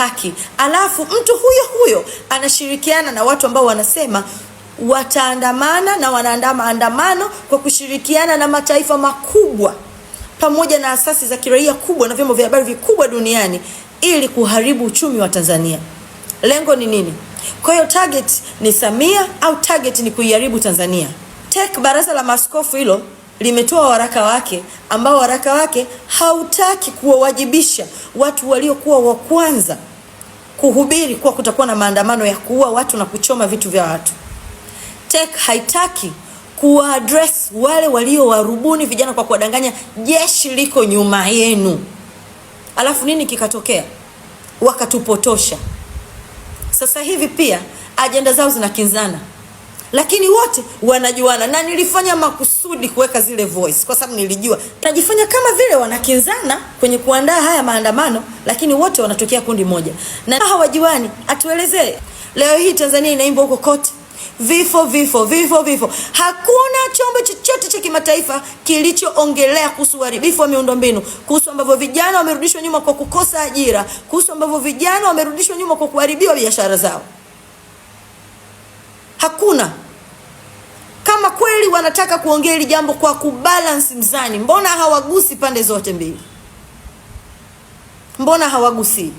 haki, alafu mtu huyo huyo anashirikiana na watu ambao wanasema wataandamana na wanaandaa maandamano kwa kushirikiana na mataifa makubwa pamoja na asasi za kiraia kubwa na vyombo vya habari vikubwa duniani ili kuharibu uchumi wa Tanzania. Lengo ni nini? Kwa hiyo target ni Samia au target ni kuiharibu Tanzania? TEC baraza la maaskofu hilo limetoa waraka wake ambao waraka wake hautaki kuwawajibisha watu waliokuwa wa kwanza kuhubiri kuwa kutakuwa na maandamano ya kuua watu na kuchoma vitu vya watu. TEC haitaki kuwaadres wale walio warubuni vijana kwa kuwadanganya jeshi liko nyuma yenu, alafu nini kikatokea? Wakatupotosha. Sasa hivi pia ajenda zao zinakinzana lakini wote wanajuana, na nilifanya makusudi kuweka zile voice kwa sababu nilijua tajifanya kama vile wanakinzana kwenye kuandaa haya maandamano, lakini wote wanatokea kundi moja na hawajuani. Atuelezee leo hii Tanzania inaimba huko kote vifo vifo vifo vifo. Hakuna chombo chochote cha kimataifa kilichoongelea kuhusu uharibifu wa miundombinu, kuhusu ambavyo vijana wamerudishwa nyuma kwa kukosa ajira, kuhusu ambavyo vijana wamerudishwa nyuma kwa kuharibiwa biashara zao. Hakuna wanataka kuongea hili jambo kwa kubalance mzani, mbona hawagusi pande zote mbili? Mbona hawagusi?